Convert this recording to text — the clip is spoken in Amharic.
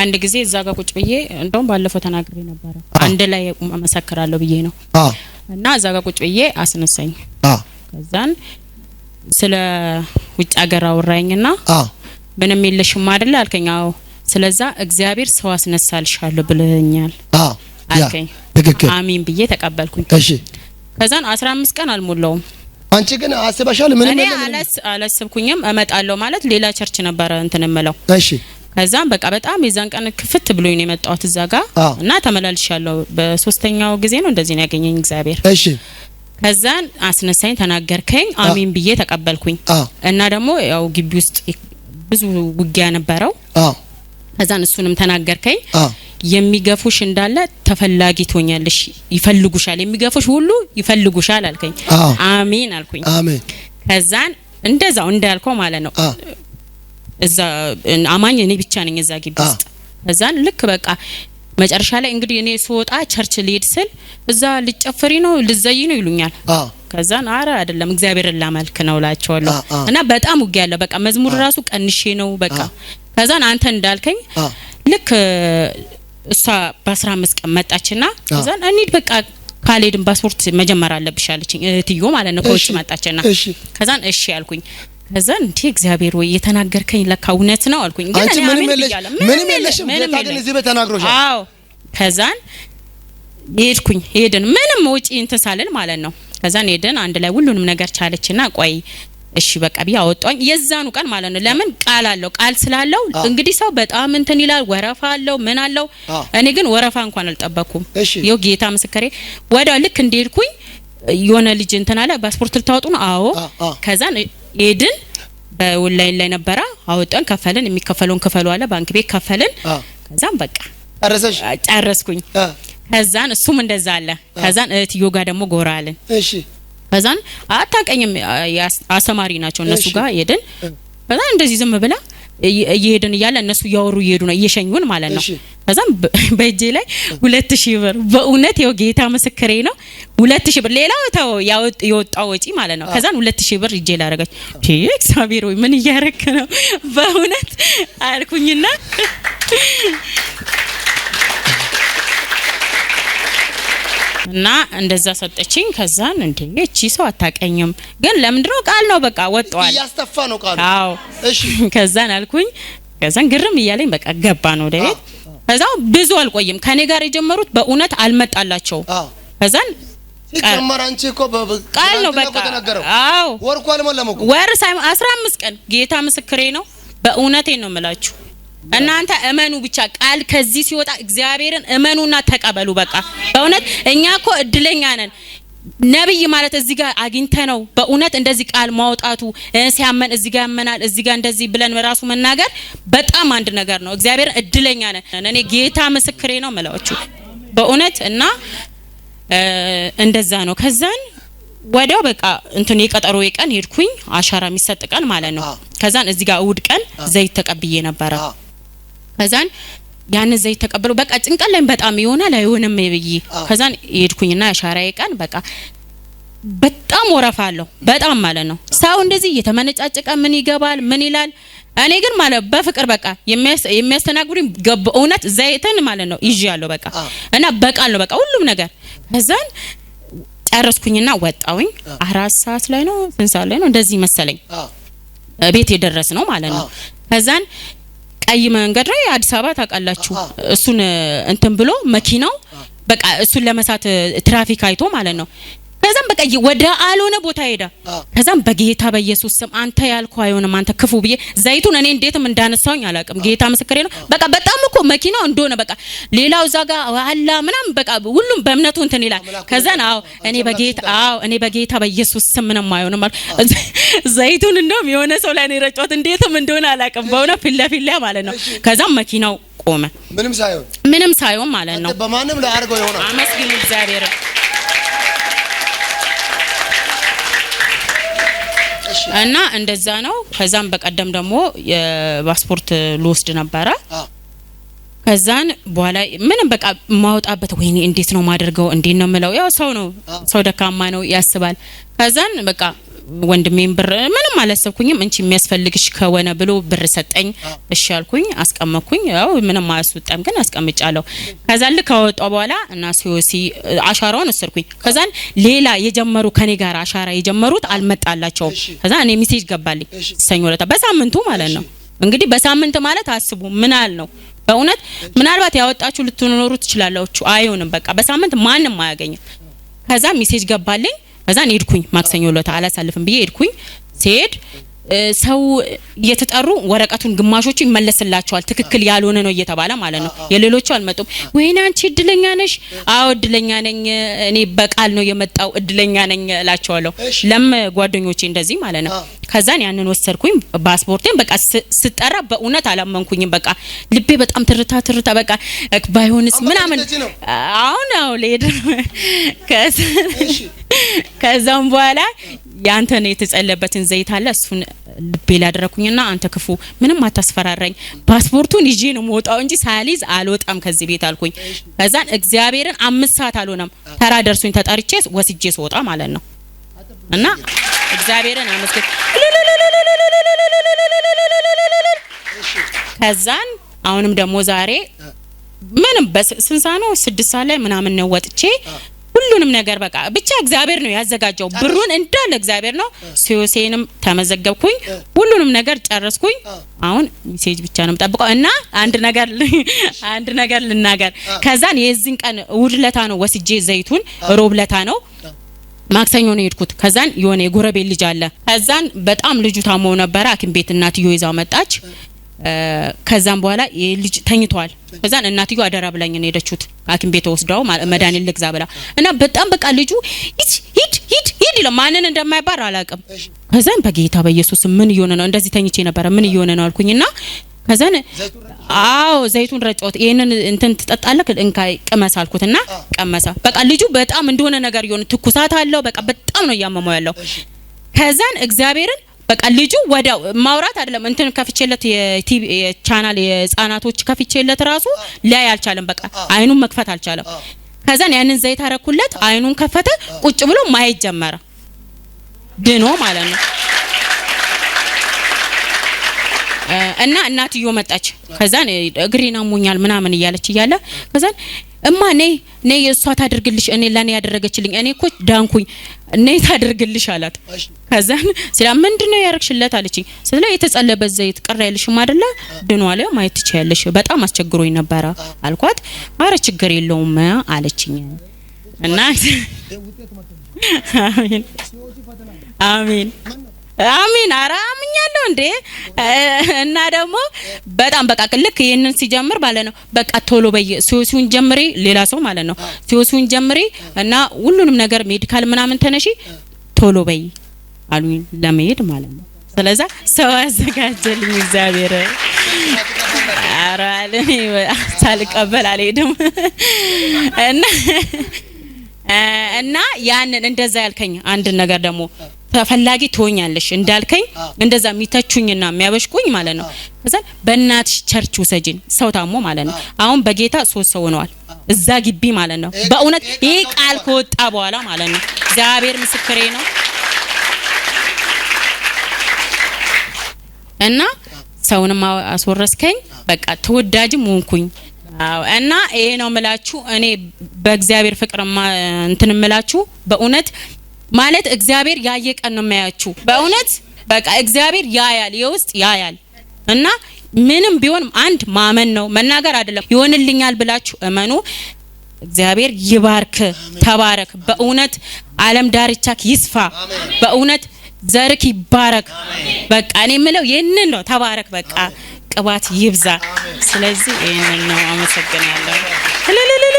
አንድ ጊዜ እዛ ጋር ቁጭ ብዬ እንደውም ባለፈው ተናግሬ ነበረ። አንድ ላይ መሰክራለሁ ብዬ ነው እና እዛ ጋር ቁጭ ብዬ አስነሳኝ። ከዛን ስለ ውጭ ሀገር አወራኝና ምንም የለሽም አይደል አልከኝ። አዎ። ስለዛ እግዚአብሔር ሰው አስነሳልሻለሁ ብለኛል አልከኝ። አሚን ብዬ ተቀበልኩኝ። እሺ። ከዛን አስራ አምስት ቀን አልሞላውም አንቺ ግን አስበሻል? ምንም አላስ አላስብኩኝም። እመጣለሁ ማለት ሌላ ቸርች ነበረ እንትን እምለው እሺ ከዛም በቃ በጣም የዛን ቀን ክፍት ብሎኝ ነው የመጣሁት እዛ ጋ እና ተመላልሻለሁ። በሶስተኛው ጊዜ ነው እንደዚህ ነው ያገኘኝ እግዚአብሔር። እሺ ከዛን አስነሳኝ፣ ተናገርከኝ፣ አሚን ብዬ ተቀበልኩኝ። እና ደግሞ ያው ግቢ ውስጥ ብዙ ውጊያ ነበረው። ከዛን እሱንም ተናገርከኝ። የሚገፉሽ እንዳለ ተፈላጊ ትሆኛለሽ፣ ይፈልጉሻል፣ የሚገፉሽ ሁሉ ይፈልጉሻል አልከኝ። አሚን አልኩኝ። ከዛን እንደዛው እንዳልከው ማለት ነው እዛ አማኝ እኔ ብቻ ነኝ እዛ ግቢ ውስጥ። ከዛን ልክ በቃ መጨረሻ ላይ እንግዲህ እኔ ስወጣ ቸርች ልሄድ ስል እዛ ልጨፈሪ ነው ልዘይ ነው ይሉኛል። ከዛን አረ አይደለም እግዚአብሔር ላመልክ ነው ላቸዋለሁ። እና በጣም ውጊያ ያለው በቃ መዝሙር ራሱ ቀንሼ ነው በቃ ከዛን አንተ እንዳልከኝ ልክ እሷ በአስራ አምስት ቀን መጣችና ከዛን እንሂድ በቃ ካልሄድን ፓስፖርት መጀመር አለብሽ አለችኝ እህትዮ ማለት ነው። ከውጭ መጣችና ከዛን እሺ ያልኩኝ ከዛ እንዴ እግዚአብሔር ወይ የተናገርከኝ ለካ እውነት ነው አልኩኝ። ግን እኔ ምንም የለሽም ምንም የለሽም ጌታ ግን እዚህ በተናግሮሻል። አዎ ከዛን ሄድኩኝ ሄድን ምንም ወጪ እንትን ሳልን ማለት ነው። ከዛን ሄድን አንድ ላይ ሁሉንም ነገር ቻለችና ቆይ እሺ በቃ ብዬ አወጣኝ። የዛኑ ቀን ማለት ነው። ለምን ቃል አለው ቃል ስላለው እንግዲህ ሰው በጣም እንትን ይላል። ወረፋ አለው ምን አለው። እኔ ግን ወረፋ እንኳን አልጠበኩም። ይኸው ጌታ ምስክሬ ወዳ ልክ እንደሄድኩኝ የሆነ ልጅ እንትን አለ። ፓስፖርት ልታወጡ ነው? አዎ። ከዛን ኤድን በኦንላይን ላይ ነበረ። አወጣን፣ ከፈልን፣ የሚከፈለውን ክፈሉ አለ። ባንክ ቤት ከፈልን። ከዛም በቃ ጨረሰሽ? ጨረስኩኝ። ከዛን እሱም እንደዛ አለ። ከዛን እህትዮ ጋር ደግሞ ጎራ አለን። እሺ ከዛን አታቀኝም፣ አስተማሪ ናቸው እነሱ ጋር ሄድን። ከዛን እንደዚህ ዝም ብላ እየሄድን እያለ እነሱ እያወሩ እየሄዱ ነው እየሸኙን ማለት ነው። ከዛም በእጄ ላይ ሁለት ሺህ ብር በእውነት ይኸው ጌታ ምስክሬ ነው። ሁለት ሺህ ብር ሌላው ተው የወጣው ወጪ ማለት ነው። ከዛን ሁለት ሺህ ብር እጄ ላይ አደረገች። እግዚአብሔር ወይ ምን እያረክ ነው በእውነት አልኩኝና እና እንደዛ ሰጠችኝ። ከዛን እንዴ እቺ ሰው አታቀኝም፣ ግን ለምንድነው ቃል ነው በቃ ወጣዋል፣ እያስተፋ ነው ቃል። አዎ እሺ። ከዛን አልኩኝ። ከዛን ግርም እያለኝ በቃ ገባ ነው ወደ ቤት። ከዛው ብዙ አልቆይም። ከኔ ጋር የጀመሩት በእውነት አልመጣላቸው። ከዛን ሲጀመር እኮ ቃል ነው በቃ አዎ፣ ወር እኮ 15 ቀን ጌታ ምስክሬ ነው። በእውነቴ ነው የምላችሁ እናንተ እመኑ ብቻ። ቃል ከዚህ ሲወጣ እግዚአብሔርን እመኑና ተቀበሉ። በቃ በእውነት እኛ እኮ እድለኛ ነን። ነብይ ማለት እዚህ ጋር አግኝተ ነው። በእውነት እንደዚህ ቃል ማውጣቱ ሲያመን እዚህ ጋር ያመናል፣ እዚህ ጋር እንደዚህ ብለን ራሱ መናገር በጣም አንድ ነገር ነው። እግዚአብሔር እድለኛ ነን። እኔ ጌታ ምስክሬ ነው መላዎቹ በእውነት እና እንደዛ ነው። ከዛን ወዲያው በቃ እንትን የቀጠሮ ቀን ሄድኩኝ፣ አሻራ የሚሰጥ ቀን ማለት ነው። ከዛን እዚህ ጋር እሁድ ቀን ዘይት ተቀብዬ ነበረ። ከዛን ያን ዘይት ተቀበሉ። በቃ ጭንቀት ላይ በጣም ይሆናል አይሆንም ብዬ ከዛን ሄድኩኝና የአሻራዬ ቀን በቃ በጣም ወረፋ አለው በጣም ማለት ነው። ሰው እንደዚህ እየተመነጫጨቀ ምን ይገባል ምን ይላል። እኔ ግን ማለት በፍቅር በቃ የሚያስተናግዱኝ እውነት ዘይትን ማለት ነው ይዤ ያለው በቃ እና በቃል ነው በቃ ሁሉም ነገር ከዛን ጨረስኩኝና ወጣውኝ። አራት ሰዓት ላይ ነው ስንት ሰዓት ላይ ነው እንደዚህ መሰለኝ ቤት የደረስ ነው ማለት ነው ከዛን ቀይ መንገድ ላይ አዲስ አበባ ታውቃላችሁ። እሱን እንትን ብሎ መኪናው በቃ እሱን ለመሳት ትራፊክ አይቶ ማለት ነው ከዛም በቃ ወደ አልሆነ ቦታ ሄዳ ከዛም በጌታ በኢየሱስ ስም አንተ ያልኩህ አይሆንም አንተ ክፉ ብዬ ዘይቱን እኔ እንዴትም እንዳነሳውኝ አላውቅም። ጌታ ምስክሬ ነው። በቃ በጣም እኮ መኪናው እንደሆነ በቃ ሌላው እዛ ጋር አላ ምናም በቃ ሁሉም በእምነቱ እንትን ይላል። ከዛን አዎ እኔ በጌታ አዎ እኔ በጌታ በኢየሱስ ስም ምንም አይሆንም አሉ። ዘይቱን እንደውም የሆነ ሰው ላይ ነው የረጨሁት። እንዴትም እንደሆነ አላውቅም። በእውነት ፊት ለፊት ላይ ማለት ነው። ከዛም መኪናው ቆመ። ምንም ሳይሆን ምንም ሳይሆን ማለት ነው። በማንም ላይ አድርገው ይሆናል። አመስግን እግዚአብሔር እና እንደዛ ነው። ከዛም በቀደም ደግሞ የፓስፖርት ልወስድ ነበረ። ከዛን በኋላ ምንም በቃ ማውጣበት ወይኔ እንዴት ነው ማደርገው? እንዴት ነው ምለው? ያው ሰው ነው ሰው ደካማ ነው ያስባል። ከዛን በቃ ወንድሜን ብር ምንም አላሰብኩኝም። እንቺ የሚያስፈልግሽ ከሆነ ብሎ ብር ሰጠኝ። እሺ አልኩኝ፣ አስቀመኩኝ። ያው ምንም አያስወጣም፣ ግን አስቀምጫለሁ። ከዛ ልክ ከወጣሁ በኋላ እና ሲዮሲ አሻራውን ወሰድኩኝ። ከዛን ሌላ የጀመሩ ከኔ ጋር አሻራ የጀመሩት አልመጣላቸውም። ከዛ እኔ ሚሴጅ ገባልኝ ሰኞ ለታ በሳምንቱ ማለት ነው። እንግዲህ በሳምንት ማለት አስቡ ምን አል ነው በእውነት ምናልባት ያወጣችሁ ልትኖሩ ትችላላችሁ። አይሆንም በቃ በሳምንት ማንም አያገኝም። ከዛ ሚሴጅ ገባልኝ በዛን ሄድኩኝ ማክሰኞ ለታ አላሳልፍም ብዬ ሄድኩኝ። ሲሄድ ሰው እየተጠሩ ወረቀቱን ግማሾቹ ይመለስላቸዋል ትክክል ያልሆነ ነው እየተባለ ማለት ነው። የሌሎቹ አልመጡም። ወይኔ አንቺ እድለኛ ነሽ። አዎ እድለኛ ነኝ፣ እኔ በቃል ነው የመጣው እድለኛ ነኝ እላቸዋለሁ። ለም ጓደኞቼ እንደዚህ ማለት ነው። ከዛን ያንን ወሰድኩኝ ፓስፖርቴን። በቃ ስጠራ በእውነት አላመንኩኝም። በቃ ልቤ በጣም ትርታ ትርታ በቃ ባይሆንስ ምናምን አሁን አሁ ሌድ ከዛም በኋላ ያንተ ነው የተጸለበትን ዘይት አለ እሱን ልቤ ላደረኩኝና አንተ ክፉ ምንም አታስፈራራኝ፣ ፓስፖርቱን ይዤ ነው መውጣው እንጂ ሳሊዝ አልወጣም ከዚህ ቤት አልኩኝ። ከዛን እግዚአብሔርን አምስት ሰዓት አልሆነም ተራ ደርሱኝ ተጠርቼ ወስጄ ስወጣ ማለት ነው እና እግዚአብሔርን አመስግን። ከዛን አሁንም ደግሞ ዛሬ ምንም በስንሳ ነው ስድስት ሰዓት ላይ ምናምን ነው ወጥቼ ሁሉንም ነገር በቃ ብቻ እግዚአብሔር ነው ያዘጋጀው። ብሩን እንዳለ እግዚአብሔር ነው። ሲዮሴንም ተመዘገብኩኝ፣ ሁሉንም ነገር ጨረስኩኝ። አሁን ሜሴጅ ብቻ ነው የምጠብቀው እና አንድ ነገር አንድ ነገር ልናገር። ከዛን የዚህን ቀን ውድለታ ለታ ነው ወስጄ ዘይቱን ሮብ ለታ ነው ማክሰኞ ነው የሄድኩት። ከዛን የሆነ የጎረቤት ልጅ አለ። ከዛን በጣም ልጁ ታሞ ነበረ ሐኪም ቤት እናትዮ ይዛ መጣች። ከዛም በኋላ ልጅ ተኝቷል። ከዛን እናትዮ አደራ ብላኝ ነው የሄደችሁት ሐኪም ቤት ወስደው መድኃኒት ልግዛ ብላ እና በጣም በቃ ልጁ ሂድ ሂድ ሂድ ሂድ ይለው ማንን እንደማይባል አላውቅም። ከዛን በጌታ በኢየሱስ ምን እየሆነ ነው? እንደዚህ ተኝቼ ነበረ ምን እየሆነ ነው አልኩኝና ከዛን አዎ ዘይቱን ረጨሁት። ይሄንን እንትን ትጠጣለህ እንካ ቅመስ አልኩትና ቀመሰ። በቃ ልጁ በጣም እንደሆነ ነገር የሆነ ትኩሳት አለው። በቃ በጣም ነው እያመመው ያለው። ከዛን እግዚአብሔርን በቃ ልጁ ወደ ማውራት አይደለም እንትን ከፍቼለት የቲቪ ቻናል የህፃናቶች ከፍቼለት ራሱ ላይ አልቻለም። በቃ አይኑን መክፈት አልቻለም። ከዛን ያንን ዘይት አረኩለት፣ አይኑን ከፈተ፣ ቁጭ ብሎ ማየት ጀመረ። ድኖ ማለት ነው። እና እናትዮ መጣች። ከዛን እግሬን አሞኛል ምናምን እያለች እያለ ከዛን እማ ኔ ኔ የእሷ ታደርግልሽ እኔ ለኔ ያደረገችልኝ እኔ እኮ ዳንኩኝ ነይ ታደርግልሽ አላት። ከዛን ስላ ነው ያደረግሽለት አለችኝ። ስለ የተጸለበት ዘይት ቀር ያልሽም ድኖ አለ ማየት ትችያለሽ። በጣም አስቸግሮኝ ነበረ አልኳት። አረ ችግር የለውም አለችኝ እና አሜን አሜን አሚን። አረ አምኛለሁ እንዴ! እና ደግሞ በጣም በቃ ልክ ይህንን ሲጀምር ማለት ነው በቃ ቶሎ በየ ሲወሲውን ጀምሪ፣ ሌላ ሰው ማለት ነው ሲወሲውን ጀምሪ እና ሁሉንም ነገር ሜዲካል ምናምን ተነሺ ቶሎ በይ አሉኝ ለመሄድ ማለት ነው። ስለዛ ሰው አዘጋጀልኝ እግዚአብሔር አራለ ሳልቀበል አልሄድም እና እና ያንን እንደዛ ያልከኝ አንድ ነገር ደግሞ ተፈላጊ ትሆኛለሽ እንዳልከኝ እንደዛ የሚተቹኝና የሚያበሽቁኝ ማለት ነው። ከዛ በእናትሽ ቸርች ውሰጅን ሰው ታሞ ማለት ነው። አሁን በጌታ ሶስት ሰው ሆነዋል እዛ ግቢ ማለት ነው። በእውነት ይህ ቃል ከወጣ በኋላ ማለት ነው እግዚአብሔር ምስክሬ ነው እና ሰውንም አስወረስከኝ በቃ ተወዳጅም ሆንኩኝ። እና ይሄ ነው ምላችሁ እኔ በእግዚአብሔር ፍቅር እንትን ምላችሁ በእውነት ማለት እግዚአብሔር ያየ ቀን ነው የሚያያችሁ። በእውነት በቃ እግዚአብሔር ያያል፣ የውስጥ ያያል እና ምንም ቢሆን አንድ ማመን ነው መናገር አይደለም። ይሆንልኛል ብላችሁ እመኑ። እግዚአብሔር ይባርክ፣ ተባረክ። በእውነት ዓለም ዳርቻክ ይስፋ። በእውነት ዘርክ ይባረክ። በቃ እኔ የምለው ይህንን ነው። ተባረክ። በቃ ቅባት ይብዛ። ስለዚህ ይህንን ነው። አመሰግናለሁ።